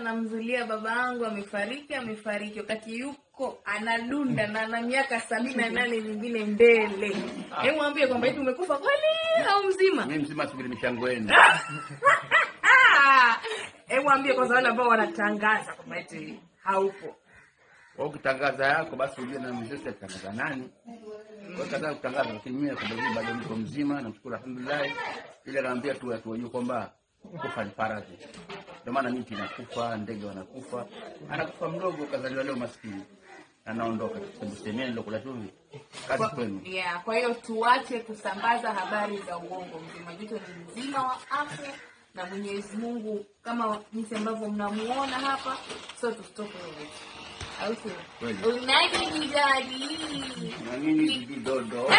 namzulia baba yangu amefariki, amefariki wakati yuko anadunda na ana miaka sabini na nane mingine mbele. Ah. Hebu mwambie kwamba hivi umekufa kweli au mzima? Mimi mzima, subiri michango yenu. Hebu mwambie kwanza wale ambao wanatangaza kwamba eti haupo. Wewe ukitangaza yako basi ujue na mzee atatangaza nani. Kwa kadhaa kutangaza, lakini mimi sababu bado niko mzima, namshukuru alhamdulillah. Ile naambia tu watu wajue kwamba kufa ni faradhi. Ndio maana miti inakufa, ndege wanakufa, anakufa mdogo, kazaliwa leo maskini anaondoka. Semeni kazi kwenu. Yeah, kwa hiyo tuache kusambaza habari za uongo. Mzima Jito ni mzima wa afya na Mwenyezi Mungu kama jinsi ambavyo mnamuona hapa, so tusitoke hivi. Unani jidadi na mimi jidodo